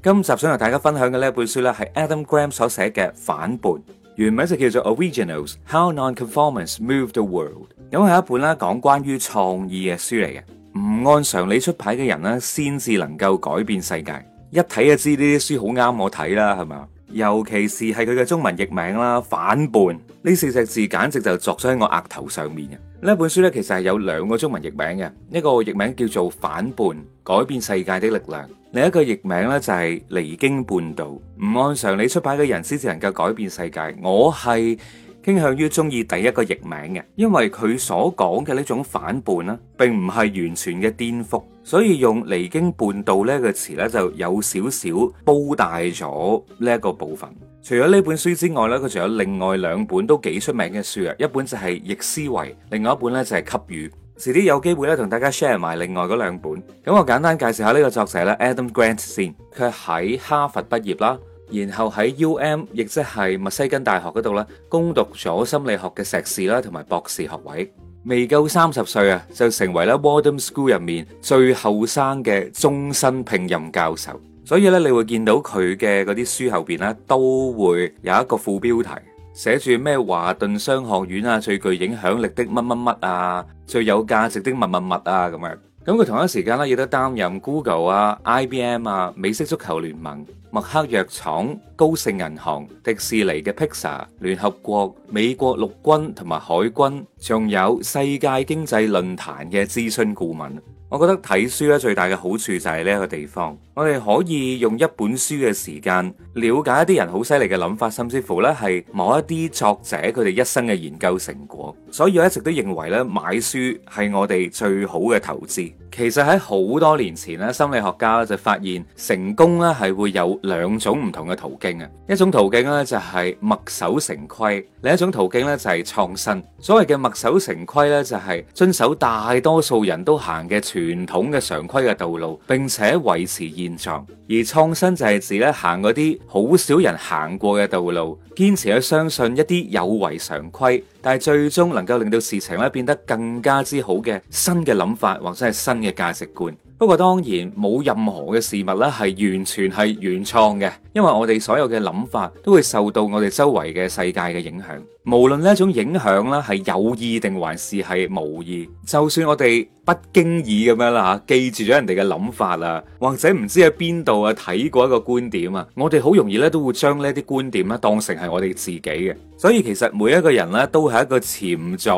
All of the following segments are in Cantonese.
今集想同大家分享嘅呢一本書咧，係 Adam Graham 所寫嘅《反叛》，原名就叫做《Originals：How Nonconformists Move the World》。咁係一本咧講關於創意嘅書嚟嘅，唔按常理出牌嘅人咧，先至能夠改變世界。一睇就知呢啲書好啱我睇啦，係嘛？尤其是係佢嘅中文譯名啦，《反叛》呢四隻字簡直就鑿咗喺我額頭上面嘅。呢一本書咧，其實係有兩個中文譯名嘅，一個譯名叫做《反叛：改變世界的力量》。另一個譯名咧就係離經叛道，唔按常理出牌嘅人先至能夠改變世界。我係傾向於中意第一個譯名嘅，因為佢所講嘅呢種反叛呢，並唔係完全嘅顛覆，所以用離經叛道呢個詞呢，詞就有少少煲大咗呢一個部分。除咗呢本書之外呢，佢仲有另外兩本都幾出名嘅書啊，一本就係、是、逆思維，另外一本呢、就是，就係給予。遲啲有機會咧，同大家 share 埋另外嗰兩本。咁我簡單介紹下呢個作者咧，Adam Grant 先。佢喺哈佛畢業啦，然後喺 U M，亦即係墨西根大學嗰度咧，攻讀咗心理學嘅碩士啦，同埋博士學位。未夠三十歲啊，就成為咧 Wharton School 入面最後生嘅終身聘任教授。所以咧，你會見到佢嘅嗰啲書後邊咧，都會有一個副標題。寫住咩華頓商學院啊，最具影響力的乜乜乜啊，最有價值的乜乜乜啊咁樣。咁佢同一時間咧，亦都擔任 Google 啊、IBM 啊、美式足球聯盟、默克藥廠、高盛銀行、迪士尼嘅 Pixar、聯合國、美國陸軍同埋海軍，仲有世界經濟論壇嘅諮詢顧問。我覺得睇書咧，最大嘅好處就係呢個地方，我哋可以用一本書嘅時間了解一啲人好犀利嘅諗法，甚至乎呢，係某一啲作者佢哋一生嘅研究成果。所以我一直都認為呢，買書係我哋最好嘅投資。其實喺好多年前咧，心理學家就發現成功咧係會有兩種唔同嘅途徑啊。一種途徑咧就係墨守成規，另一種途徑咧就係創新。所謂嘅墨守成規咧，就係遵守大多數人都行嘅傳統嘅常規嘅道路，並且維持現狀；而創新就係指咧行嗰啲好少人行過嘅道路，堅持去相信一啲有違常規。但係最終能夠令到事情咧變得更加之好嘅新嘅諗法，或者係新嘅價值觀。不過當然，冇任何嘅事物咧係完全係原創嘅，因為我哋所有嘅諗法都會受到我哋周圍嘅世界嘅影響。無論呢一種影響咧，係有意定還是係無意，就算我哋不經意咁樣啦，記住咗人哋嘅諗法啊，或者唔知喺邊度啊睇過一個觀點啊，我哋好容易咧都會將呢啲觀點咧當成係我哋自己嘅。所以其實每一個人咧都係一個潛在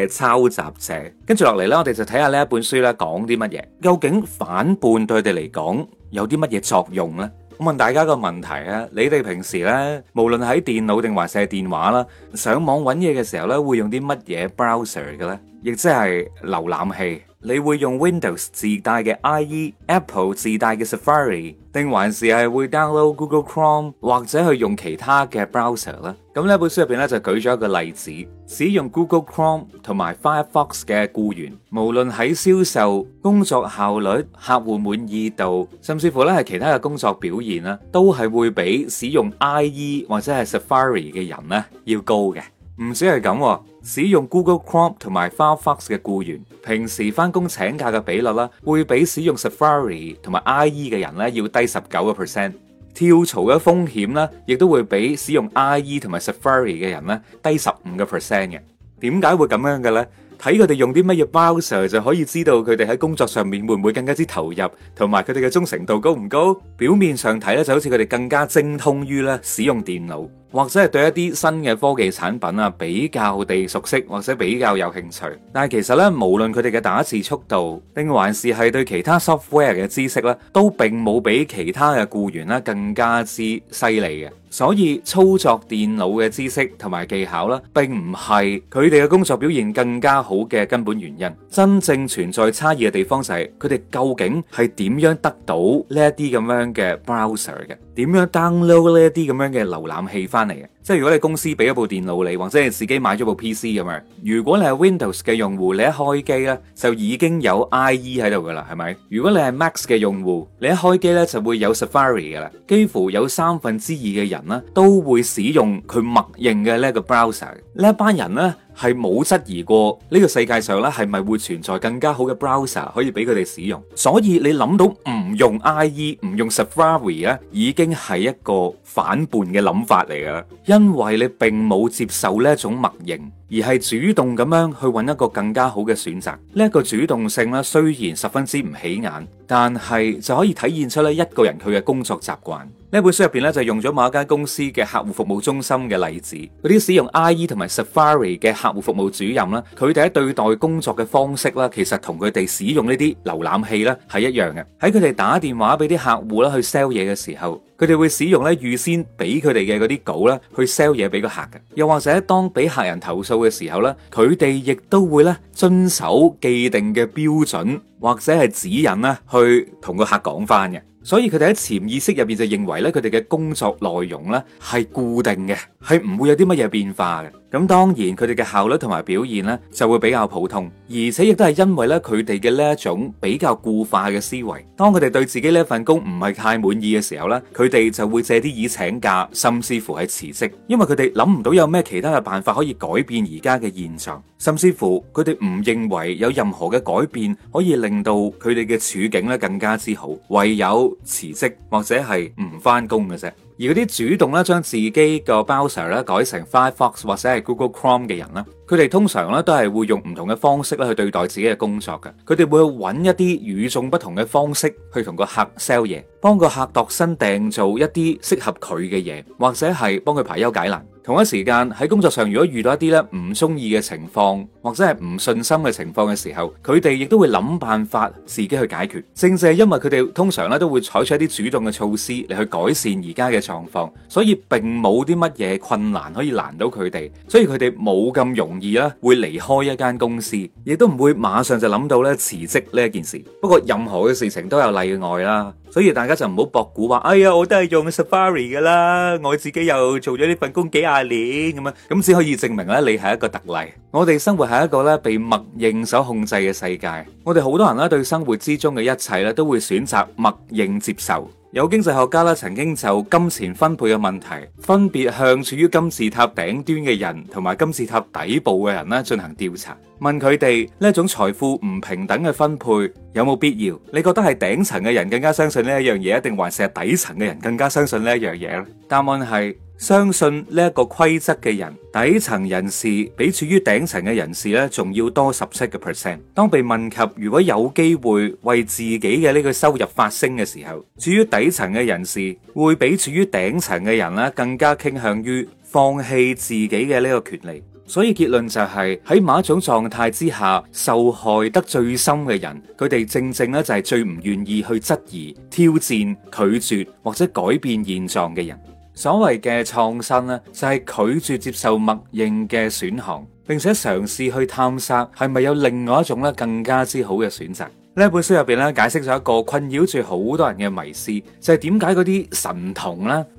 嘅抄襲者。跟住落嚟咧，我哋就睇下呢一本書咧講啲乜嘢，究竟反叛對佢哋嚟講有啲乜嘢作用呢？我問大家個問題啊，你哋平時咧，無論喺電腦定還是係電話啦，上網揾嘢嘅時候咧，會用啲乜嘢 browser 嘅咧？亦即係瀏覽器。你會用 Windows 自帶嘅 IE、Apple 自帶嘅 Safari，定還是係會 download Google Chrome 或者去用其他嘅 browser 呢？咁呢一本書入邊咧就舉咗一個例子，使用 Google Chrome 同埋 Firefox 嘅雇員，無論喺銷售、工作效率、客戶滿意度，甚至乎咧係其他嘅工作表現啦，都係會比使用 IE 或者係 Safari 嘅人呢要高嘅。唔止係咁啊，使用 Google Chrome 同埋 Firefox 嘅僱員，平時返工請假嘅比率啦，會比使用 Safari 同埋 IE 嘅人咧，要低十九個 percent。跳槽嘅風險咧，亦都會比使用 IE 同埋 Safari 嘅人咧，低十五個 percent 嘅。點解會咁樣嘅咧？睇佢哋用啲乜嘢 browser，就可以知道佢哋喺工作上面會唔會更加之投入，同埋佢哋嘅忠誠度高唔高？表面上睇咧，就好似佢哋更加精通於咧使用電腦，或者係對一啲新嘅科技產品啊比較地熟悉，或者比較有興趣。但係其實咧，無論佢哋嘅打字速度，定還是係對其他 software 嘅知識咧，都並冇比其他嘅僱員咧更加之犀利嘅。所以操作電腦嘅知識同埋技巧啦，並唔係佢哋嘅工作表現更加好嘅根本原因。真正存在差異嘅地方就係佢哋究竟係點樣得到呢一啲咁樣嘅 browser 嘅，點樣 download 呢一啲咁樣嘅瀏覽器返嚟嘅。即係如果你公司俾一部電腦你，或者你自己買咗部 PC 咁樣，如果你係 Windows 嘅用戶，你一開機咧就已經有 IE 喺度噶啦，係咪？如果你係 Mac 嘅用戶，你一開機咧就會有 Safari 噶啦。幾乎有三分之二嘅人咧都會使用佢默認嘅呢個 browser，呢一班人咧，係冇質疑過呢個世界上咧係咪會存在更加好嘅 browser 可以俾佢哋使用，所以你諗到唔用 IE 唔用 Safari 咧，已經係一個反叛嘅諗法嚟噶因為你並冇接受呢一種默認。而係主動咁樣去揾一個更加好嘅選擇，呢一個主動性咧雖然十分之唔起眼，但係就可以體現出咧一個人佢嘅工作習慣。呢本書入邊咧就用咗某一間公司嘅客戶服務中心嘅例子，嗰啲使用 IE 同埋 Safari 嘅客戶服務主任啦，佢哋喺對待工作嘅方式啦，其實同佢哋使用呢啲瀏覽器咧係一樣嘅。喺佢哋打電話俾啲客戶啦去 sell 嘢嘅時候。佢哋會使用咧預先俾佢哋嘅嗰啲稿啦，去 sell 嘢俾個客嘅。又或者當俾客人投訴嘅時候咧，佢哋亦都會咧遵守既定嘅標準或者係指引啦，去同個客講翻嘅。所以佢哋喺潛意識入邊就認為咧，佢哋嘅工作內容咧係固定嘅，係唔會有啲乜嘢變化嘅。咁當然佢哋嘅效率同埋表現呢就會比較普通，而且亦都係因為呢，佢哋嘅呢一種比較固化嘅思維。當佢哋對自己呢份工唔係太滿意嘅時候呢，佢哋就會借啲意請假，甚至乎係辭職，因為佢哋諗唔到有咩其他嘅辦法可以改變而家嘅現狀，甚至乎佢哋唔認為有任何嘅改變可以令到佢哋嘅處境咧更加之好，唯有辭職或者係唔返工嘅啫。而嗰啲主動咧將自己個 browser 咧改成 Firefox 或者係 Google Chrome 嘅人咧，佢哋通常咧都係會用唔同嘅方式咧去對待自己嘅工作嘅，佢哋會揾一啲與眾不同嘅方式去同個客 sell 嘢，幫個客度身訂造一啲適合佢嘅嘢，或者係幫佢排憂解難。同一時間喺工作上，如果遇到一啲咧唔中意嘅情況，或者係唔信心嘅情況嘅時候，佢哋亦都會諗辦法自己去解決。正正係因為佢哋通常咧都會採取一啲主動嘅措施嚟去改善而家嘅狀況，所以並冇啲乜嘢困難可以難到佢哋，所以佢哋冇咁容易啦，會離開一間公司，亦都唔會馬上就諗到咧辭職呢一件事。不過任何嘅事情都有例外啦。所以大家就唔好博古話，哎呀，我都係用 Safari 噶啦，我自己又做咗呢份工幾廿年咁啊，咁只可以證明咧，你係一個特例。我哋生活係一個咧被默認所控制嘅世界，我哋好多人咧對生活之中嘅一切咧都會選擇默認接受。有經濟學家咧曾經就金錢分配嘅問題，分別向處於金字塔頂端嘅人同埋金字塔底部嘅人呢進行調查，問佢哋呢一種財富唔平等嘅分配有冇必要？你覺得係頂層嘅人更加相信呢一樣嘢，定還是係底層嘅人更加相信呢一樣嘢呢？答案係。相信呢一個規則嘅人，底層人士比處於頂層嘅人士咧，仲要多十七個 percent。當被問及如果有機會為自己嘅呢個收入發聲嘅時候，處於底層嘅人士會比處於頂層嘅人呢更加傾向於放棄自己嘅呢個權利。所以結論就係、是、喺某一種狀態之下，受害得最深嘅人，佢哋正正咧就係最唔願意去質疑、挑戰、拒絕或者改變現狀嘅人。所謂嘅創新呢就係拒絕接受默認嘅選項，並且嘗試去探索係咪有另外一種咧更加之好嘅選擇。呢本書入邊咧，解釋咗一個困擾住好多人嘅迷思，就係點解嗰啲神童咧？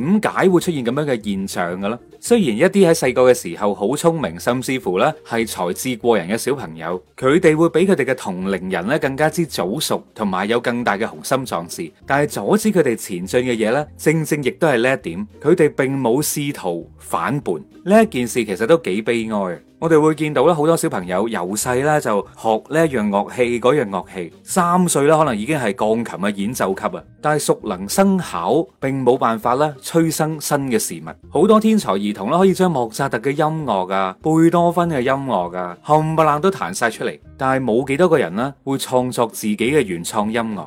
點解會出現咁樣嘅現象嘅咧？雖然一啲喺細個嘅時候好聰明，甚至乎咧係才智過人嘅小朋友，佢哋會比佢哋嘅同齡人咧更加之早熟，同埋有更大嘅雄心壯志。但係阻止佢哋前進嘅嘢咧，正正亦都係呢一點。佢哋並冇試圖反叛。呢一件事其實都幾悲哀。我哋會見到咧，好多小朋友由細咧就學呢一樣樂器嗰樣樂器，三歲咧可能已經係鋼琴嘅演奏級啊。但係熟能生巧並冇辦法咧催生新嘅事物。好多天才兒童咧可以將莫扎特嘅音樂啊、貝多芬嘅音樂啊，冚唪唥都彈晒出嚟。但係冇幾多個人呢會創作自己嘅原創音樂。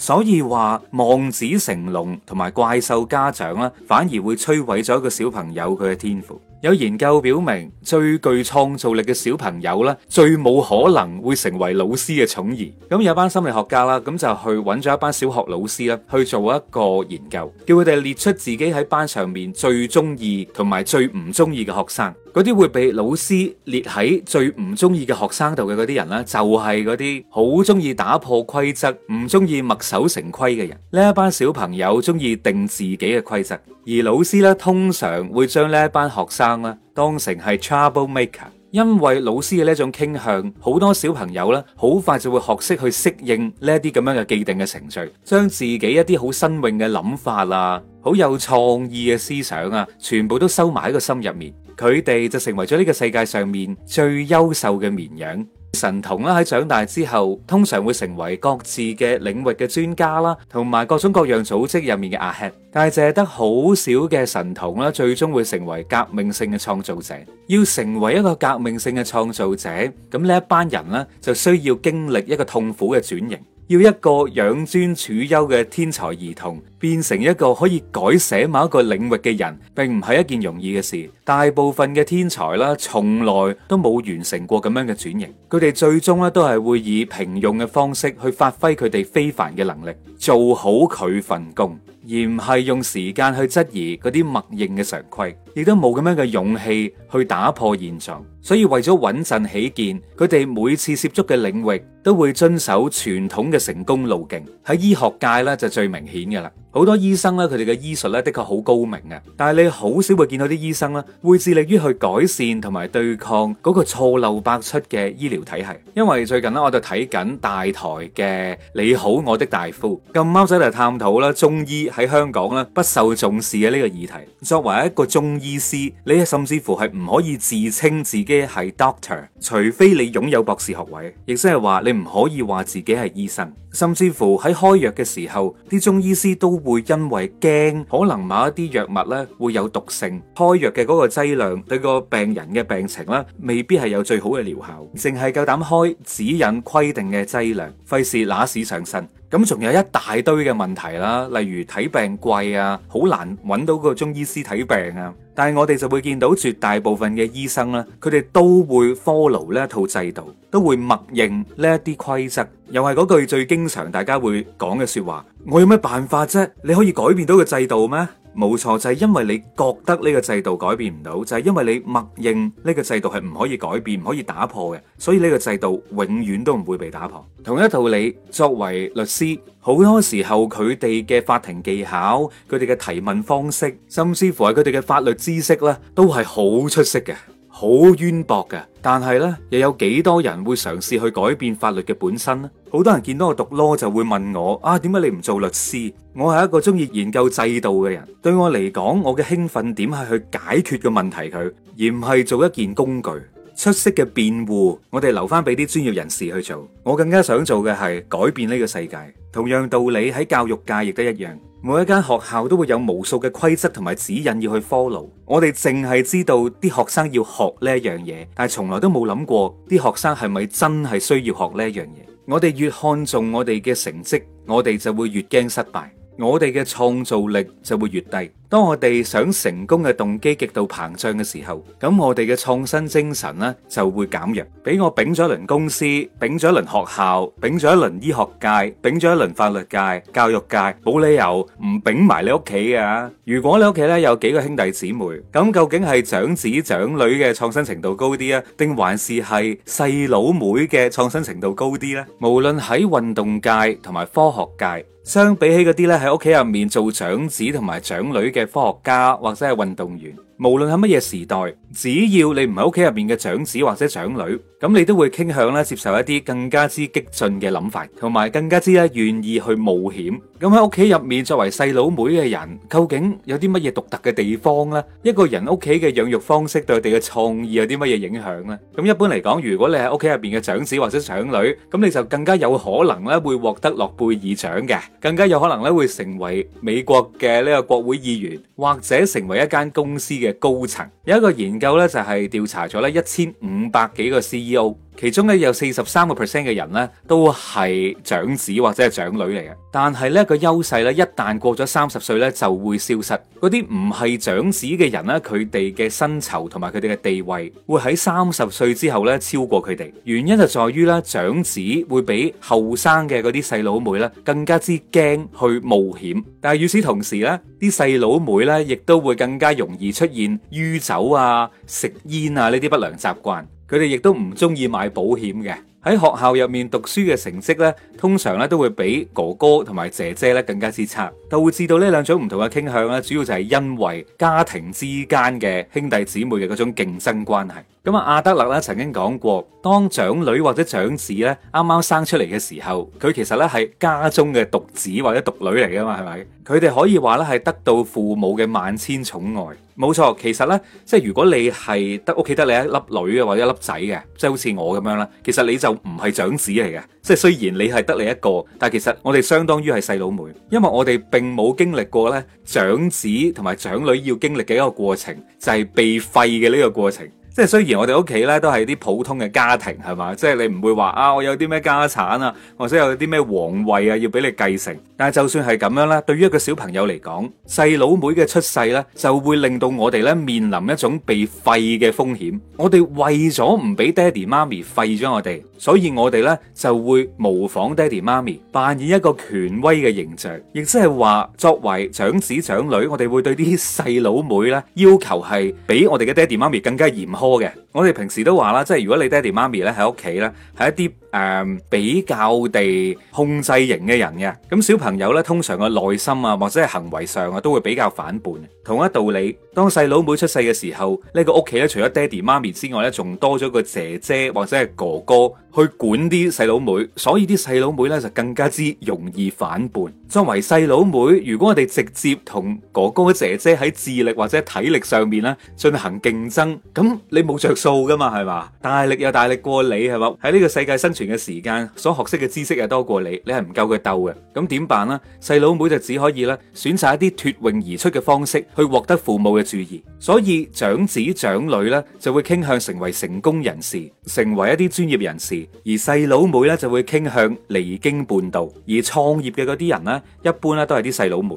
所以話望子成龍同埋怪獸家長啦，反而會摧毀咗一個小朋友佢嘅天賦。有研究表明，最具創造力嘅小朋友咧，最冇可能會成為老師嘅寵兒。咁有班心理學家啦，咁就去揾咗一班小學老師啦，去做一個研究，叫佢哋列出自己喺班上面最中意同埋最唔中意嘅學生。嗰啲會被老師列喺最唔中意嘅學生度嘅嗰啲人咧，就係嗰啲好中意打破規則、唔中意墨守成規嘅人。呢一班小朋友中意定自己嘅規則，而老師咧通常會將呢一班學生。當啦，當成係 trouble maker，因為老師嘅呢種傾向，好多小朋友啦，好快就會學識去適應呢一啲咁樣嘅既定嘅程序，將自己一啲好新穎嘅諗法啊，好有創意嘅思想啊，全部都收埋喺個心入面，佢哋就成為咗呢個世界上面最優秀嘅綿羊。神童啦，喺長大之後，通常會成為各自嘅領域嘅專家啦，同埋各種各樣組織入面嘅阿 head。但係借得好少嘅神童啦，最終會成為革命性嘅創造者。要成為一個革命性嘅創造者，咁呢一班人呢，就需要經歷一個痛苦嘅轉型。要一個養尊處優嘅天才兒童變成一個可以改寫某一個領域嘅人，並唔係一件容易嘅事。大部分嘅天才啦，從來都冇完成過咁樣嘅轉型。佢哋最終咧都係會以平庸嘅方式去發揮佢哋非凡嘅能力，做好佢份工，而唔係用時間去質疑嗰啲默認嘅常規，亦都冇咁樣嘅勇氣去打破現象。所以為咗穩陣起見，佢哋每次涉足嘅領域都會遵守傳統嘅成功路徑。喺醫學界咧就最明顯㗎啦，好多醫生咧佢哋嘅醫術咧的確好高明嘅，但係你好少會見到啲醫生咧會致力於去改善同埋對抗嗰個錯漏百出嘅醫療體系。因為最近咧我就睇緊大台嘅《你好，我的大夫》，咁啱仔嚟探討啦中醫喺香港咧不受重視嘅呢個議題。作為一個中醫師，你甚至乎係唔可以自稱自己。係 doctor，除非你擁有博士學位，亦即係話你唔可以話自己係醫生。甚至乎喺開藥嘅時候，啲中醫師都會因為驚可能某一啲藥物呢會有毒性，開藥嘅嗰個劑量對個病人嘅病情呢，未必係有最好嘅療效，淨係夠膽開指引規定嘅劑量，費事乸屎上身。咁仲有一大堆嘅問題啦，例如睇病貴啊，好難揾到個中醫師睇病啊。但係我哋就會見到絕大部分嘅醫生啦，佢哋都會 follow 呢一套制度，都會默認呢一啲規則。又係嗰句最經常大家會講嘅說話，我有咩辦法啫？你可以改變到個制度咩？冇錯，就係因為你覺得呢個制度改變唔到，就係因為你默認呢個制度係唔可以改變、唔可以打破嘅，所以呢個制度永遠都唔會被打破。同一道理，作為律師，好多時候佢哋嘅法庭技巧、佢哋嘅提問方式，甚至乎係佢哋嘅法律知識咧，都係好出色嘅。好淵博嘅，但係呢，又有幾多人會嘗試去改變法律嘅本身呢？好多人見到我讀 law 就會問我啊，點解你唔做律師？我係一個中意，研究制度嘅人，對我嚟講，我嘅興奮點係去解決嘅問題佢，而唔係做一件工具。出色嘅辯護，我哋留翻俾啲專業人士去做。我更加想做嘅係改變呢個世界。同樣道理喺教育界亦都一樣。每一間學校都會有無數嘅規則同埋指引要去 follow，我哋淨係知道啲學生要學呢一樣嘢，但係從來都冇諗過啲學生係咪真係需要學呢一樣嘢。我哋越看重我哋嘅成績，我哋就會越驚失敗。我哋嘅創造力就會越低。當我哋想成功嘅動機極度膨脹嘅時候，咁我哋嘅創新精神呢就會減弱。俾我丙咗一輪公司，丙咗一輪學校，丙咗一輪醫學界，丙咗一輪法律界、教育界，冇理由唔丙埋你屋企啊。如果你屋企呢有幾個兄弟姊妹，咁究竟係長子長女嘅創新程度高啲啊，定還是係細佬妹嘅創新程度高啲呢？無論喺運動界同埋科學界。相比起嗰啲呢喺屋企入面做長子同埋長女嘅科學家，或者係運動員。無論喺乜嘢時代，只要你唔係屋企入面嘅長子或者長女，咁你都會傾向咧接受一啲更加之激進嘅諗法，同埋更加之咧願意去冒險。咁喺屋企入面作為細佬妹嘅人，究竟有啲乜嘢獨特嘅地方呢？一個人屋企嘅養育方式對佢哋嘅創意有啲乜嘢影響呢？咁一般嚟講，如果你喺屋企入面嘅長子或者長女，咁你就更加有可能咧會獲得諾貝爾獎嘅，更加有可能咧會成為美國嘅呢個國會議員，或者成為一間公司嘅。嘅高層。有一個研究咧，就係調查咗咧一千五百幾個 CEO，其中咧有四十三個 percent 嘅人咧，都係長子或者係長女嚟嘅。但係呢個優勢咧，一旦過咗三十歲咧，就會消失。嗰啲唔係長子嘅人咧，佢哋嘅薪酬同埋佢哋嘅地位，會喺三十歲之後咧超過佢哋。原因就在於咧，長子會比後生嘅嗰啲細佬妹咧更加之驚去冒險。但係與此同時咧，啲細佬妹咧亦都會更加容易出現。見酗酒啊、食煙啊呢啲不良習慣，佢哋亦都唔中意買保險嘅。喺學校入面讀書嘅成績咧，通常咧都會比哥哥同埋姐姐咧更加之差，導致到呢兩種唔同嘅傾向咧，主要就係因為家庭之間嘅兄弟姊妹嘅嗰種競爭關係。咁啊，阿德勒咧曾經講過，當長女或者長子咧啱啱生出嚟嘅時候，佢其實咧係家中嘅獨子或者獨女嚟嘅嘛，係咪？佢哋可以話咧係得到父母嘅萬千寵愛。冇錯，其實咧，即係如果你係得屋企得你一粒女嘅或者一粒仔嘅，即係好似我咁樣啦，其實你就。就唔係長子嚟嘅，即係雖然你係得你一個，但係其實我哋相當於係細佬妹，因為我哋並冇經歷過咧長子同埋長女要經歷嘅一個過程，就係被廢嘅呢個過程。即係雖然我哋屋企咧都係啲普通嘅家庭係嘛，即係你唔會話啊我有啲咩家產啊，或者有啲咩皇位啊要俾你繼承。但係就算係咁樣咧，對於一個小朋友嚟講，細佬妹嘅出世咧，就會令到我哋咧面臨一種被廢嘅風險。我哋為咗唔俾爹哋媽咪廢咗我哋，所以我哋咧就會模仿爹哋媽咪，扮演一個權威嘅形象，亦即係話作為長子長女，我哋會對啲細佬妹咧要求係比我哋嘅爹哋媽咪更加嚴苛。多嘅，我哋平時都話啦，即係如果你爹哋媽咪咧喺屋企咧，係一啲。誒，比較地控制型嘅人嘅，咁小朋友呢通常，嘅內心啊或者係行為上啊都會比較反叛。同一道理，當細佬妹出世嘅時候，呢個屋企呢除咗爹哋媽咪之外呢，仲多咗個姐姐或者係哥哥去管啲細佬妹，所以啲細佬妹呢就更加之容易反叛。作為細佬妹，如果我哋直接同哥哥姐姐喺智力或者體力上面呢進行競爭，咁你冇着數噶嘛係嘛？大力又大力過你係嘛？喺呢個世界生。存嘅時間所學識嘅知識又多過你，你係唔夠佢鬥嘅，咁點辦呢？細佬妹就只可以咧，選擇一啲脫穎而出嘅方式去獲得父母嘅注意，所以長子長女咧就會傾向成為成功人士，成為一啲專業人士，而細佬妹咧就會傾向離經叛道，而創業嘅嗰啲人咧一般咧都係啲細佬妹。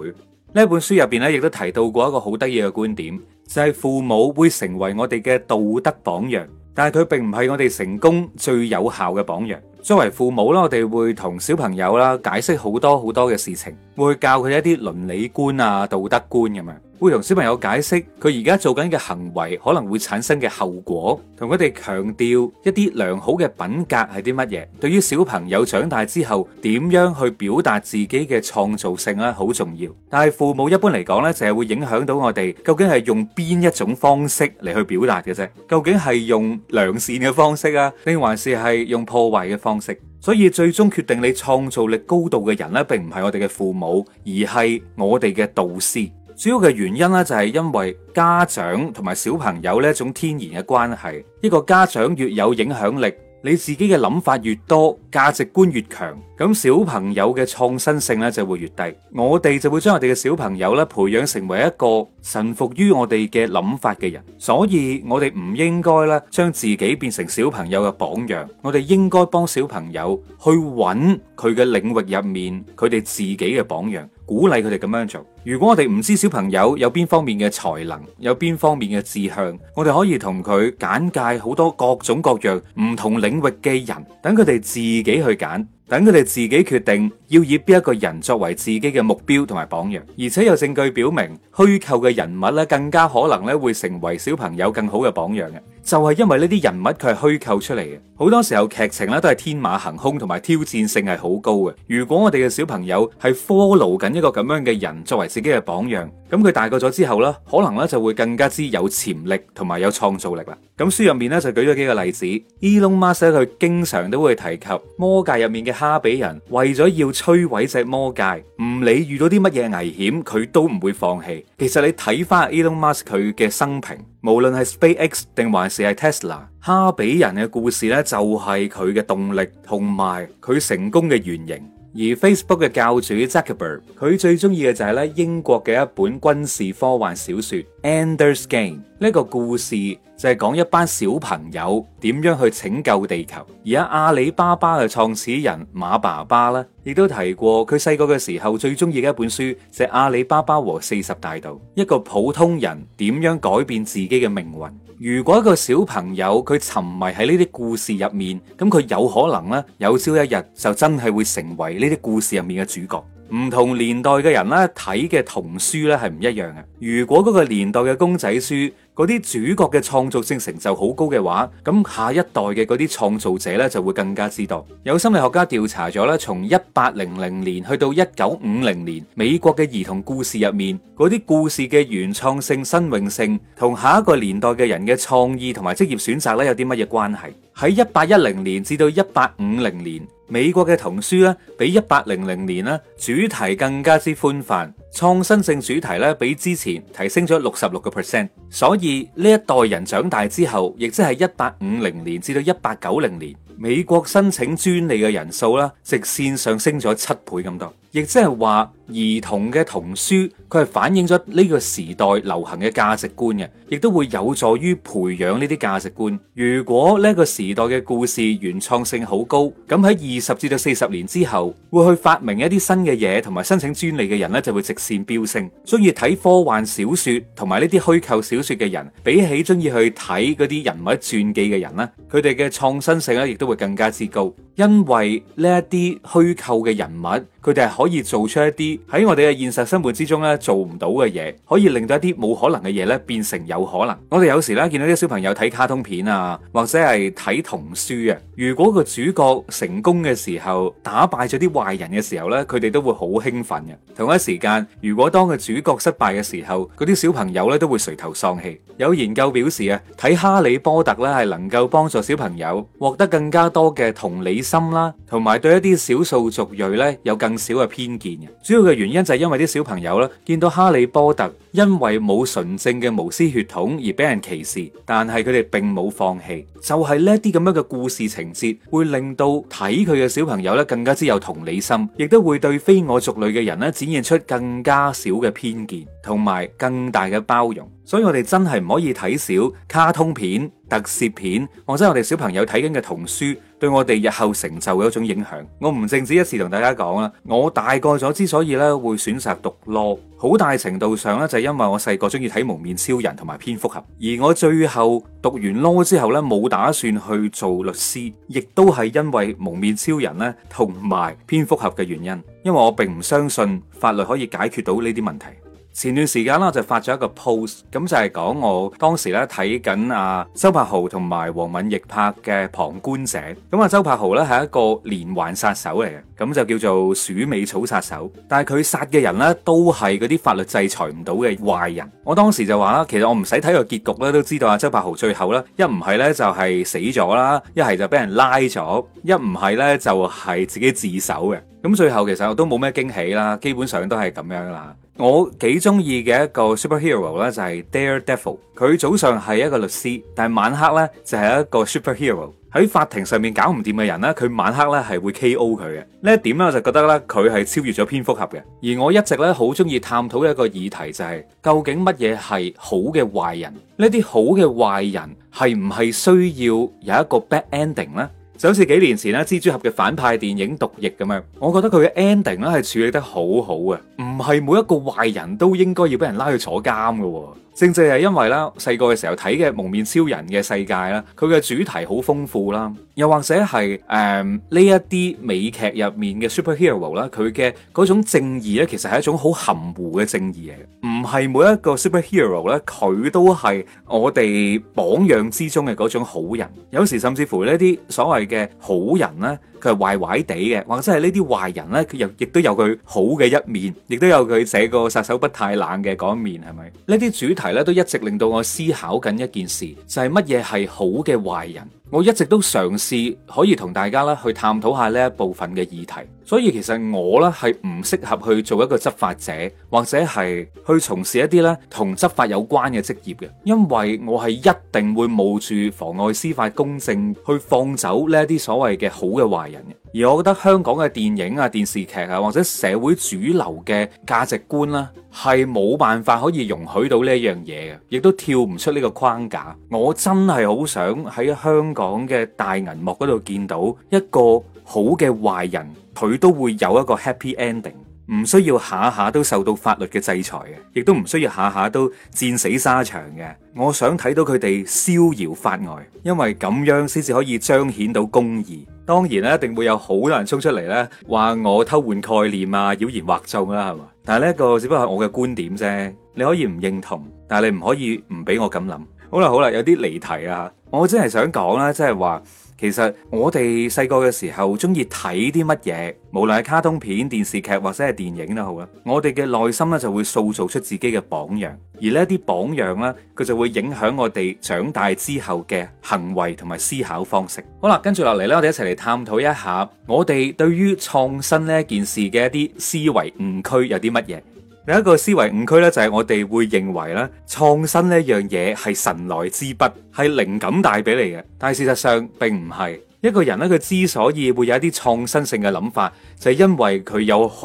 呢本書入邊咧亦都提到過一個好得意嘅觀點，就係、是、父母會成為我哋嘅道德榜樣。但係佢並唔係我哋成功最有效嘅榜樣。作為父母啦，我哋會同小朋友啦解釋好多好多嘅事情，會教佢一啲倫理觀啊、道德觀咁樣，會同小朋友解釋佢而家做緊嘅行為可能會產生嘅後果，同佢哋強調一啲良好嘅品格係啲乜嘢。對於小朋友長大之後點樣去表達自己嘅創造性咧，好重要。但係父母一般嚟講咧，就係會影響到我哋究竟係用邊一種方式嚟去表達嘅啫。究竟係用良善嘅方式啊，定還是係用破壞嘅方式？方式，所以最終決定你創造力高度嘅人咧，並唔係我哋嘅父母，而係我哋嘅導師。主要嘅原因咧，就係、是、因為家長同埋小朋友呢一種天然嘅關係。一個家長越有影響力，你自己嘅諗法越多，價值觀越強。咁小朋友嘅創新性咧就會越低，我哋就會將我哋嘅小朋友咧培養成為一個臣服於我哋嘅諗法嘅人。所以我哋唔應該咧將自己變成小朋友嘅榜樣，我哋應該幫小朋友去揾佢嘅領域入面佢哋自己嘅榜樣，鼓勵佢哋咁樣做。如果我哋唔知小朋友有邊方面嘅才能，有邊方面嘅志向，我哋可以同佢簡介好多各種各樣唔同領域嘅人，等佢哋自己去揀。等佢哋自己決定要以邊一個人作為自己嘅目標同埋榜樣，而且有證據表明虛構嘅人物咧，更加可能咧會成為小朋友更好嘅榜樣嘅。就係因為呢啲人物佢係虛構出嚟嘅，好多時候劇情咧都係天馬行空，同埋挑戰性係好高嘅。如果我哋嘅小朋友係 follow 緊一個咁樣嘅人作為自己嘅榜樣，咁佢大個咗之後呢，可能呢就會更加之有潛力同埋有創造力啦。咁書入面呢，就舉咗幾個例子，Elon Musk 佢經常都會提及魔戒入面嘅哈比人，為咗要摧毀隻魔戒，唔理遇到啲乜嘢危險，佢都唔會放棄。其實你睇翻 Elon Musk 佢嘅生平，無論係 SpaceX 定還是係 Tesla，哈比人嘅故事咧，就係佢嘅動力同埋佢成功嘅原型。而 Facebook 嘅教主 Zuckerberg 佢最中意嘅就係咧英國嘅一本軍事科幻小說《Ender’s Game》呢個故事就係講一班小朋友點樣去拯救地球。而阿阿里巴巴嘅創始人馬爸爸咧，亦都提過佢細個嘅時候最中意嘅一本書就係《阿里巴巴和四十大道》，一個普通人點樣改變自己嘅命運。如果一個小朋友佢沉迷喺呢啲故事入面，咁佢有可能咧，有朝一日就真係會成為呢啲故事入面嘅主角。唔同年代嘅人咧睇嘅童書咧係唔一樣嘅。如果嗰個年代嘅公仔書嗰啲主角嘅創造性成就好高嘅話，咁下一代嘅嗰啲創造者咧就會更加知道。有心理學家調查咗咧，從一八零零年去到一九五零年，美國嘅兒童故事入面嗰啲故事嘅原創性、新穎性，同下一個年代嘅人嘅創意同埋職業選擇咧有啲乜嘢關係？喺一八一零年至到一八五零年。美國嘅童書咧，比一八零零年咧主題更加之寬泛，創新性主題咧比之前提升咗六十六個 percent，所以呢一代人長大之後，亦即係一八五零年至到一八九零年。美國申請專利嘅人數啦，直線上升咗七倍咁多，亦即係話兒童嘅童書，佢係反映咗呢個時代流行嘅價值觀嘅，亦都會有助於培養呢啲價值觀。如果呢個時代嘅故事原創性好高，咁喺二十至到四十年之後，會去發明一啲新嘅嘢，同埋申請專利嘅人呢就會直線飆升。中意睇科幻小說同埋呢啲虛構小說嘅人，比起中意去睇嗰啲人物傳記嘅人咧，佢哋嘅創新性咧亦都。會更加之高。因為呢一啲虛構嘅人物，佢哋係可以做出一啲喺我哋嘅現實生活之中咧做唔到嘅嘢，可以令到一啲冇可能嘅嘢咧變成有可能。我哋有時咧見到啲小朋友睇卡通片啊，或者係睇童書啊，如果個主角成功嘅時候，打敗咗啲壞人嘅時候咧，佢哋都會好興奮嘅。同一時間，如果當個主角失敗嘅時候，嗰啲小朋友咧都會垂頭喪氣。有研究表示啊，睇《哈利波特》咧係能夠幫助小朋友獲得更加多嘅同理。心啦，同埋對一啲少數族裔咧有更少嘅偏見嘅。主要嘅原因就係因為啲小朋友咧見到哈利波特因為冇純正嘅巫師血統而俾人歧視，但係佢哋並冇放棄。就係呢一啲咁樣嘅故事情節，會令到睇佢嘅小朋友咧更加之有同理心，亦都會對非我族類嘅人咧展現出更加少嘅偏見。同埋更大嘅包容，所以我哋真係唔可以睇少卡通片、特攝片，或者我哋小朋友睇緊嘅童書，對我哋日後成就嘅一種影響。我唔淨止一次同大家講啦，我大個咗之所以咧會選擇讀 law，好大程度上咧就係因為我細個中意睇《蒙面超人》同埋《蝙蝠俠》，而我最後讀完 law 之後咧冇打算去做律師，亦都係因為《蒙面超人》咧同埋《蝙蝠俠》嘅原因，因為我並唔相信法律可以解決到呢啲問題。前段時間啦，我就發咗一個 post，咁就係講我當時咧睇緊阿周柏豪同埋黃敏奕拍嘅《旁觀者》。咁啊，周柏豪咧係一個連環殺手嚟嘅，咁就叫做鼠尾草殺手。但係佢殺嘅人咧都係嗰啲法律制裁唔到嘅壞人。我當時就話啦，其實我唔使睇個結局咧，都知道阿周柏豪最後咧一唔係咧就係死咗啦，一係就俾人拉咗，一唔係咧就係自己自首嘅。咁最後其實我都冇咩驚喜啦，基本上都係咁樣嘅啦。我幾中意嘅一個 superhero 咧就係 Daredevil，佢早上係一個律師，但係晚黑呢，就係一個 superhero 喺法庭上面搞唔掂嘅人呢，佢晚黑呢係會 K.O. 佢嘅呢一點咧我就覺得呢，佢係超越咗蝙蝠俠嘅。而我一直呢，好中意探討一個議題就係究竟乜嘢係好嘅壞人？呢啲好嘅壞人係唔係需要有一個 bad ending 呢？就好似幾年前咧《蜘蛛俠》嘅反派電影《毒液》咁樣，我覺得佢嘅 ending 咧係處理得好好啊！唔係每一個壞人都應該要俾人拉去坐監㗎喎。正正係因為啦，細個嘅時候睇嘅蒙面超人嘅世界啦，佢嘅主題好豐富啦，又或者係誒呢一啲美劇入面嘅 superhero 啦，佢嘅嗰種正義呢，其實係一種好含糊嘅正義嚟嘅，唔係每一個 superhero 呢，佢都係我哋榜樣之中嘅嗰種好人，有時甚至乎呢啲所謂嘅好人呢。佢係壞壞地嘅，或者係呢啲壞人呢，佢又亦都有佢好嘅一面，亦都有佢寫個殺手不太冷嘅嗰一面，係咪？呢啲主題呢，都一直令到我思考緊一件事，就係乜嘢係好嘅壞人？我一直都嘗試可以同大家啦去探討下呢一部分嘅議題，所以其實我呢係唔適合去做一個執法者，或者係去從事一啲呢同執法有關嘅職業嘅，因為我係一定會冒住妨礙司法公正去放走呢啲所謂嘅好嘅壞人嘅。而我覺得香港嘅電影啊、電視劇啊，或者社會主流嘅價值觀啦、啊，係冇辦法可以容許到呢一樣嘢嘅，亦都跳唔出呢個框架。我真係好想喺香港嘅大銀幕嗰度見到一個好嘅壞人，佢都會有一個 happy ending，唔需要下下都受到法律嘅制裁嘅，亦都唔需要下下都戰死沙場嘅。我想睇到佢哋逍遙法外，因為咁樣先至可以彰顯到公義。當然咧，一定會有好多人衝出嚟咧，話我偷換概念啊、妖言惑眾啦，係嘛？但係呢個只不過係我嘅觀點啫，你可以唔認同，但係你唔可以唔俾我咁諗。好啦好啦，有啲離題啊，我真係想講啦，即係話。其實我哋細個嘅時候，中意睇啲乜嘢，無論係卡通片、電視劇或者係電影都好啦。我哋嘅內心咧就會塑造出自己嘅榜樣，而呢啲榜樣咧，佢就會影響我哋長大之後嘅行為同埋思考方式。好啦，跟住落嚟咧，我哋一齊嚟探討一下我哋對於創新呢件事嘅一啲思維誤區有啲乜嘢。另一個思維誤區咧，就係我哋會認為咧，創新呢一樣嘢係神來之筆，係靈感帶俾嚟嘅。但係事實上並唔係。一個人咧，佢之所以會有一啲創新性嘅諗法，就係因為佢有好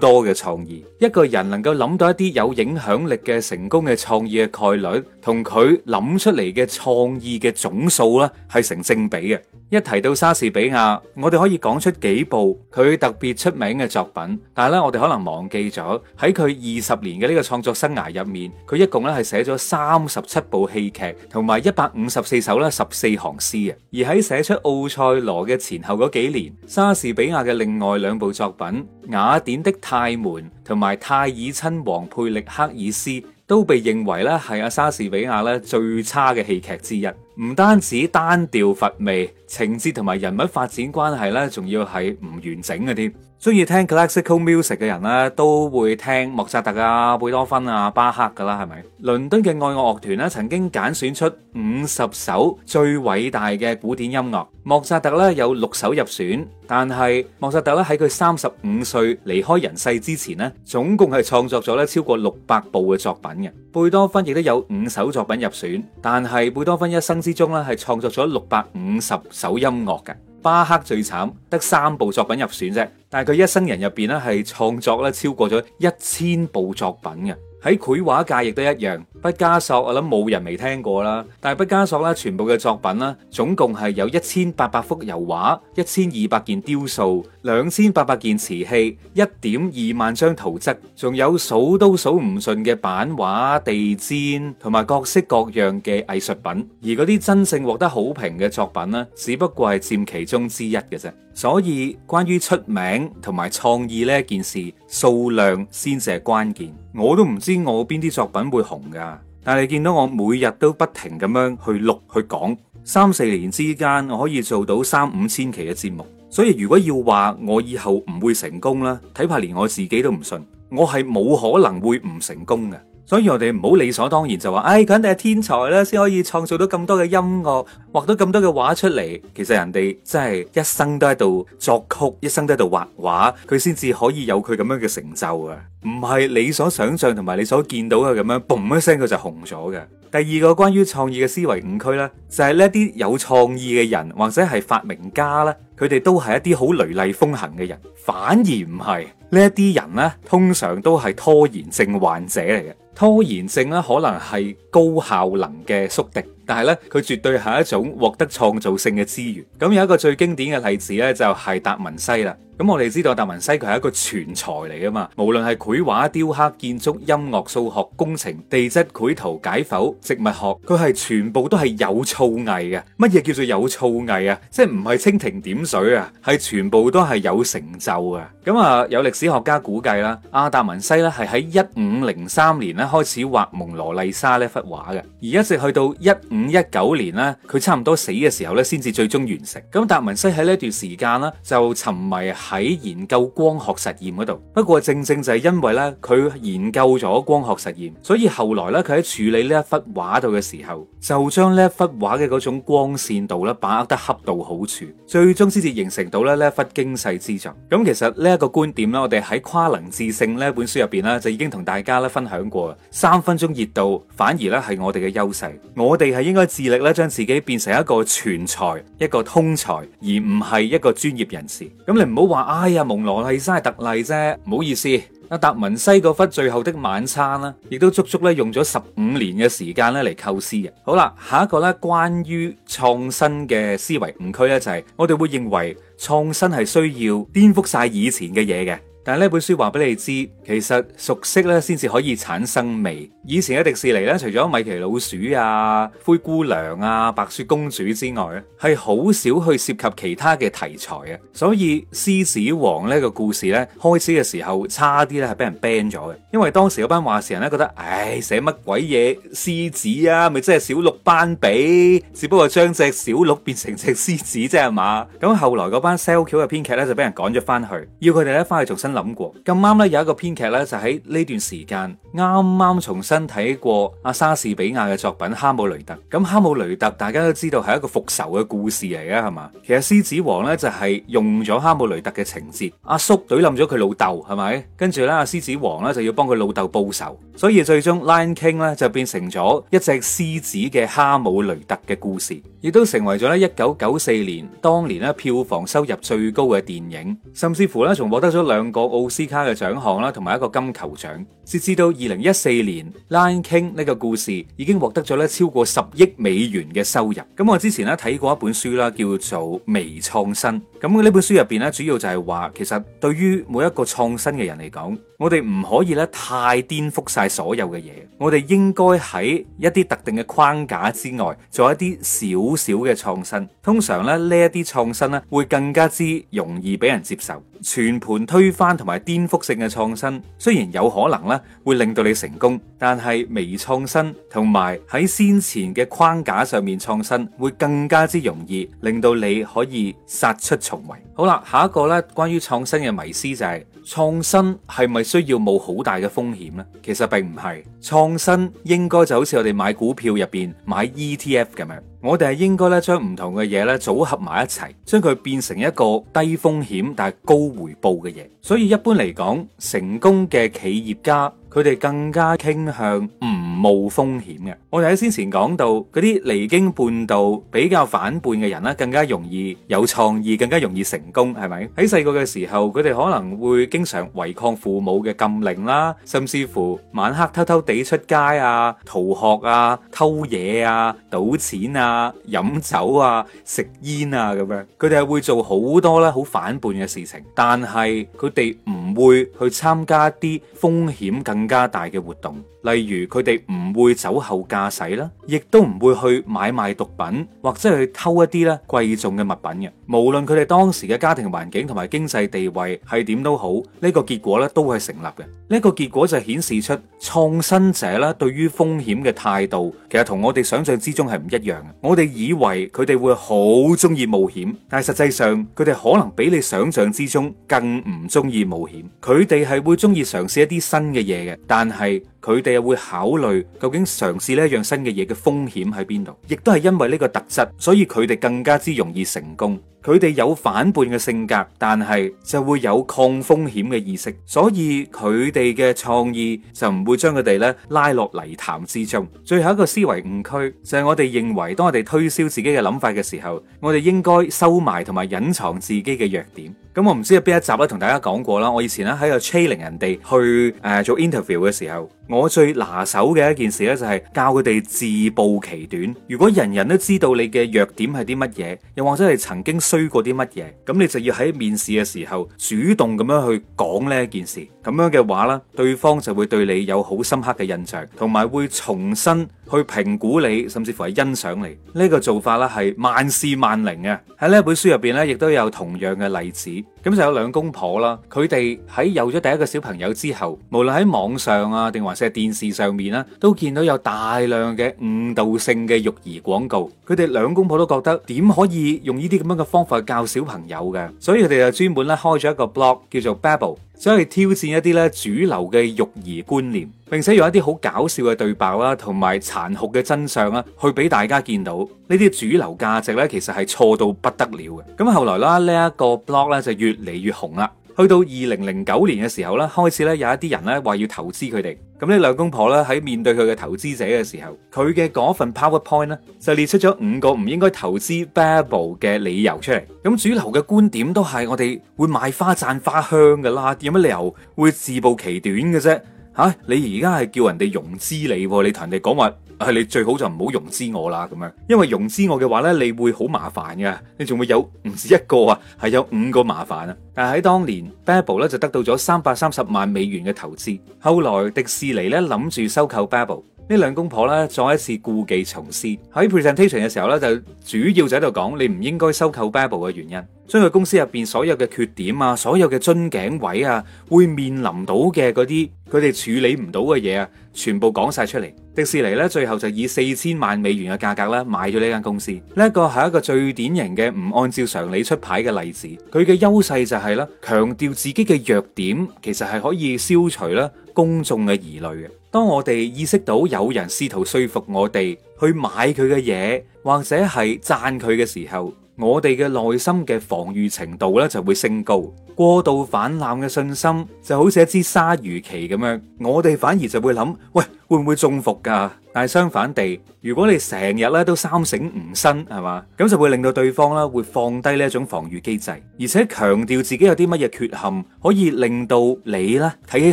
多嘅創意。一個人能夠諗到一啲有影響力嘅成功嘅創意嘅概率，同佢諗出嚟嘅創意嘅總數咧，係成正比嘅。一提到莎士比亞，我哋可以講出幾部佢特別出名嘅作品，但係咧，我哋可能忘記咗喺佢二十年嘅呢個創作生涯入面，佢一共咧係寫咗三十七部戲劇同埋一百五十四首咧十四行詩啊。而喺寫出《奧塞羅》嘅前後嗰幾年，莎士比亞嘅另外兩部作品《雅典的泰門》同埋《泰爾親王佩力克爾斯》。都被認為咧係阿莎士比亞咧最差嘅戲劇之一，唔單止單調乏味，情節同埋人物發展關係咧，仲要係唔完整嗰啲。中意聽 classical music 嘅人咧，都會聽莫扎特啊、貝多芬啊、巴赫噶啦，係咪？倫敦嘅愛樂樂團呢曾經揀選出五十首最偉大嘅古典音樂。莫扎特呢有六首入選，但係莫扎特咧喺佢三十五歲離開人世之前呢，總共係創作咗咧超過六百部嘅作品嘅。貝多芬亦都有五首作品入選，但係貝多芬一生之中咧係創作咗六百五十首音樂嘅。巴克最慘，得三部作品入選啫。但係佢一生人入邊咧，係創作咧超過咗一千部作品嘅。喺繪畫界亦都一樣，畢加索我諗冇人未聽過啦。但係畢加索咧，全部嘅作品啦，總共係有一千八百幅油畫，一千二百件雕塑，兩千八百件瓷器，一點二萬張圖則，仲有數都數唔盡嘅版畫、地氈同埋各式各樣嘅藝術品。而嗰啲真正獲得好評嘅作品呢，只不過係佔其中之一嘅啫。所以關於出名同埋創意呢件事，數量先至係關鍵。我都唔知我邊啲作品會紅㗎，但係你見到我每日都不停咁樣去錄去講，三四年之間我可以做到三五千期嘅節目。所以如果要話我以後唔會成功啦，睇怕連我自己都唔信，我係冇可能會唔成功嘅。所以我哋唔好理所當然就話，唉、哎，佢肯定係天才啦，先可以創造到咁多嘅音樂，畫到咁多嘅畫出嚟。其實人哋真係一生都喺度作曲，一生都喺度畫畫，佢先至可以有佢咁樣嘅成就啊！唔係你所想像同埋你所見到嘅咁樣，嘣一聲佢就紅咗嘅。第二個關於創意嘅思維誤區呢，就係呢啲有創意嘅人或者係發明家咧，佢哋都係一啲好雷厲風行嘅人，反而唔係呢一啲人呢，通常都係拖延症患者嚟嘅。拖延症呢，可能係高效能嘅宿敵。但係咧，佢絕對係一種獲得創造性嘅資源。咁有一個最經典嘅例子咧，就係達文西啦。咁我哋知道達文西佢係一個全才嚟㗎嘛，無論係繪畫、雕刻、建築、音樂、數學、工程、地質、繪圖、解剖、植物學，佢係全部都係有造詣嘅。乜嘢叫做有造詣啊？即係唔係蜻蜓點水啊？係全部都係有成就啊！咁啊，有歷史學家估計啦，阿達文西咧係喺一五零三年咧開始畫蒙羅麗莎呢一幅畫嘅，而一直去到一五一九年呢，佢差唔多死嘅時候咧，先至最終完成。咁達文西喺呢段時間呢，就沉迷喺研究光學實驗嗰度。不過正正就係因為咧，佢研究咗光學實驗，所以後來咧，佢喺處理呢一幅畫度嘅時候，就將呢一幅畫嘅嗰種光線度咧，把握得恰到好處，最終先至形成到咧呢一幅驚世之作。咁其實呢一個觀點咧，我哋喺《跨能致勝》呢本書入邊咧，就已經同大家咧分享過。三分鐘熱度反而咧係我哋嘅優勢，我哋係。應該致力咧，將自己變成一個全才，一個通才，而唔係一個專業人士。咁你唔好話，哎呀，蒙羅麗莎真係特例啫，唔好意思。阿達文西嗰幅《最後的晚餐》啦，亦都足足咧用咗十五年嘅時間咧嚟構思嘅。好啦，下一個咧關於創新嘅思維誤區咧，就係我哋會認為創新係需要顛覆晒以前嘅嘢嘅。但係呢本書話俾你知，其實熟悉咧先至可以產生味。以前嘅迪士尼咧，除咗米奇老鼠啊、灰姑娘啊、白雪公主之外，咧係好少去涉及其他嘅題材嘅。所以獅子王呢個故事咧，開始嘅時候差啲咧係俾人 ban 咗嘅，因為當時嗰班話事人咧覺得，唉，寫乜鬼嘢獅子啊，咪即係小鹿斑比，只不過將隻小鹿變成隻獅子啫係嘛。咁後來嗰班 sell 橋嘅編劇咧就俾人趕咗翻去，要佢哋咧翻去重新。諗過咁啱咧，有一個編劇咧就喺呢段時間啱啱重新睇過阿莎士比亞嘅作品《哈姆雷特》。咁《哈姆雷特》大家都知道係一個復仇嘅故事嚟嘅，係嘛？其實獅子王咧就係用咗《哈姆雷特》嘅情節，阿叔懟冧咗佢老豆，係咪？跟住咧，阿獅子王咧就要幫佢老豆報仇。所以最終《Lion King》咧就變成咗一隻獅子嘅《哈姆雷特》嘅故事，亦都成為咗咧一九九四年當年咧票房收入最高嘅電影，甚至乎咧仲獲得咗兩個奧斯卡嘅獎項啦，同埋一個金球獎。截至到二零一四年，《Lion King》呢個故事已經獲得咗咧超過十億美元嘅收入。咁我之前咧睇過一本書啦，叫做《微創新》。咁呢本書入邊咧主要就係話，其實對於每一個創新嘅人嚟講，我哋唔可以咧太顛覆晒。所有嘅嘢，我哋應該喺一啲特定嘅框架之外，做一啲少少嘅創新。通常咧，呢一啲創新咧，會更加之容易俾人接受。全盤推翻同埋顛覆性嘅創新，雖然有可能咧會令到你成功，但係微創新同埋喺先前嘅框架上面創新，會更加之容易，令到你可以殺出重圍。好啦，下一個咧，關於創新嘅迷思就係、是。創新係咪需要冒好大嘅風險呢？其實並唔係，創新應該就好似我哋買股票入邊買 ETF 咁樣。我哋係應該咧將唔同嘅嘢咧組合埋一齊，將佢變成一個低風險但係高回報嘅嘢。所以一般嚟講，成功嘅企業家佢哋更加傾向唔冒風險嘅。我哋喺先前講到，嗰啲離經叛道、比較反叛嘅人咧，更加容易有創意，更加容易成功，係咪？喺細個嘅時候，佢哋可能會經常違抗父母嘅禁令啦，甚至乎晚黑偷偷地出街啊、逃學啊、偷嘢啊、賭錢啊。啊！飲酒啊，食煙啊，咁樣佢哋係會做好多咧，好反叛嘅事情。但係佢哋唔會去參加啲風險更加大嘅活動，例如佢哋唔會酒後駕駛啦，亦都唔會去買賣毒品或者去偷一啲咧貴重嘅物品嘅。無論佢哋當時嘅家庭環境同埋經濟地位係點都好，呢個結果咧都係成立嘅。呢個結果就顯示出創新者啦，對於風險嘅態度，其實同我哋想象之中係唔一樣嘅。我哋以為佢哋會好中意冒險，但係實際上佢哋可能比你想象之中更唔中意冒險。佢哋係會中意嘗試一啲新嘅嘢嘅，但係。佢哋又會考慮究竟嘗試呢一樣新嘅嘢嘅風險喺邊度，亦都係因為呢個特質，所以佢哋更加之容易成功。佢哋有反叛嘅性格，但係就會有抗風險嘅意識，所以佢哋嘅創意就唔會將佢哋咧拉落泥潭之中。最後一個思維誤區就係、是、我哋認為，當我哋推銷自己嘅諗法嘅時候，我哋應該收埋同埋隱藏自己嘅弱點。咁我唔知喺邊一集咧同大家講過啦，我以前咧喺度 training 人哋去誒、呃、做 interview 嘅時候。我最拿手嘅一件事咧，就係教佢哋自暴其短。如果人人都知道你嘅弱點係啲乜嘢，又或者係曾經衰過啲乜嘢，咁你就要喺面試嘅時候主動咁樣去講呢一件事。咁樣嘅話咧，對方就會對你有好深刻嘅印象，同埋會重新。去評估你，甚至乎係欣賞你，呢、這個做法咧係萬事萬能嘅。喺呢本書入邊咧，亦都有同樣嘅例子。咁就有兩公婆啦，佢哋喺有咗第一個小朋友之後，無論喺網上啊，定還是係電視上面啦，都見到有大量嘅誤導性嘅育兒廣告。佢哋兩公婆都覺得點可以用呢啲咁樣嘅方法教小朋友嘅？所以佢哋就專門咧開咗一個 blog 叫做 Babble。想去挑戰一啲咧主流嘅育兒觀念，並且用一啲好搞笑嘅對白啦，同埋殘酷嘅真相啦，去俾大家見到呢啲主流價值咧，其實係錯到不得了嘅。咁後來啦，呢一個 blog 咧就越嚟越紅啦。去到二零零九年嘅時候咧，開始咧有一啲人咧話要投資佢哋，咁呢兩公婆咧喺面對佢嘅投資者嘅時候，佢嘅嗰份 PowerPoint 咧就列出咗五個唔應該投資 Babel 嘅理由出嚟。咁主流嘅觀點都係我哋會賣花讚花香噶啦，有乜理由會自暴其短嘅啫？吓、啊，你而家係叫人哋融資你、啊，你同人哋講，話係你最好就唔好融資我啦咁樣，因為融資我嘅話呢，你會好麻煩嘅，你仲會有唔止一個啊，係有五個麻煩啊。但係喺當年，Babel 咧就得到咗三百三十萬美元嘅投資，後來迪士尼呢，諗住收購 Babel。兩呢兩公婆咧，再一次故技重施，喺 presentation 嘅時候咧，就主要就喺度講你唔應該收購 Babel 嘅原因，將佢公司入邊所有嘅缺點啊，所有嘅樽頸位啊，會面臨到嘅嗰啲佢哋處理唔到嘅嘢啊。全部講晒出嚟，迪士尼咧最後就以四千萬美元嘅價格咧買咗呢間公司，呢個係一個最典型嘅唔按照常理出牌嘅例子。佢嘅優勢就係咧強調自己嘅弱點，其實係可以消除咧公眾嘅疑慮嘅。當我哋意識到有人試圖說服我哋去買佢嘅嘢，或者係讚佢嘅時候，我哋嘅內心嘅防御程度咧就會升高，過度氾濫嘅信心就好似一支鯊魚旗咁樣，我哋反而就會諗，喂，會唔會中伏㗎？但係相反地，如果你成日咧都三省吾身，係嘛？咁就會令到對方咧會放低呢一種防禦機制，而且強調自己有啲乜嘢缺陷，可以令到你咧睇起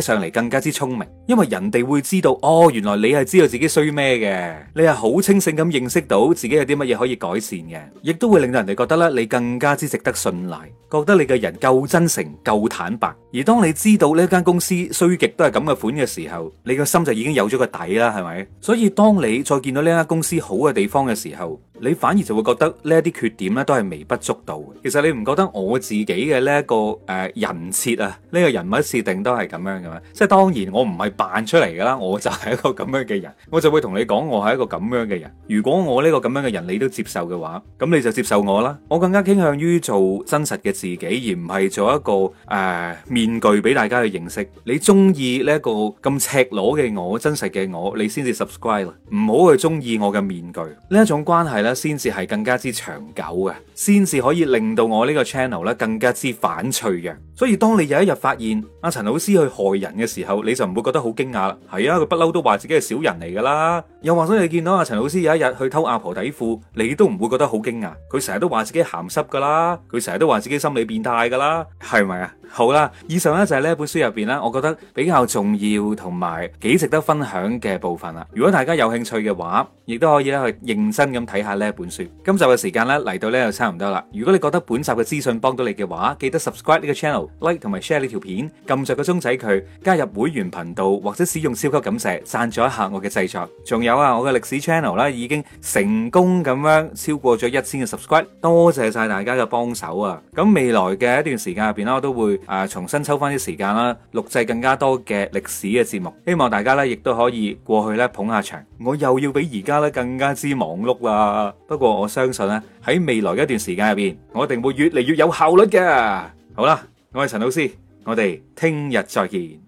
上嚟更加之聰明，因為人哋會知道哦，原來你係知道自己衰咩嘅，你係好清醒咁認識到自己有啲乜嘢可以改善嘅，亦都會令到人哋覺得咧你更加之值得信賴，覺得你個人夠真誠、夠坦白。而當你知道呢間公司衰極都係咁嘅款嘅時候，你個心就已經有咗個底啦，係咪？所以。當你再見到呢間公司好嘅地方嘅時候，你反而就會覺得呢一啲缺點咧都係微不足道嘅。其實你唔覺得我自己嘅呢一個誒、呃、人設啊呢、呢個人物設定都係咁樣嘅咩？即係當然我唔係扮出嚟噶啦，我就係一個咁樣嘅人，我就會同你講我係一個咁樣嘅人。如果我呢個咁樣嘅人你都接受嘅話，咁你就接受我啦。我更加傾向於做真實嘅自己，而唔係做一個誒、呃、面具俾大家去認識。你中意呢一個咁赤裸嘅我，真實嘅我，你先至 subscribe 啦。唔好去中意我嘅面具呢一種關係。先至係更加之長久嘅，先至可以令到我呢個 channel 咧更加之反脆弱。所以，當你有一日發現阿陳老師去害人嘅時候，你就唔會覺得好驚訝啦。係啊，佢不嬲都話自己係小人嚟噶啦。又或者你見到阿陳老師有一日去偷阿婆底褲，你都唔會覺得好驚訝。佢成日都話自己咸濕噶啦，佢成日都話自己心理變態噶啦，係咪啊？好啦，以上咧就係呢一本書入邊咧，我覺得比較重要同埋幾值得分享嘅部分啦。如果大家有興趣嘅話，亦都可以咧去認真咁睇下。呢本書，今集嘅時間咧嚟到呢就差唔多啦。如果你覺得本集嘅資訊幫到你嘅話，記得 subscribe 呢個 channel，like 同埋 share 呢條片，撳着個鐘仔佢，加入會員頻道或者使用超級感謝，贊助一下我嘅製作。仲有啊，我嘅歷史 channel 呢已經成功咁樣超過咗一千嘅 subscribe，多謝晒大家嘅幫手啊！咁未來嘅一段時間入邊啦，我都會誒、呃、重新抽翻啲時間啦，錄製更加多嘅歷史嘅節目，希望大家呢亦都可以過去咧捧下場。我又要比而家咧更加之忙碌啦，不過我相信咧喺未來一段時間入邊，我一定會越嚟越有效率嘅。好啦，我係陳老 C，我哋聽日再見。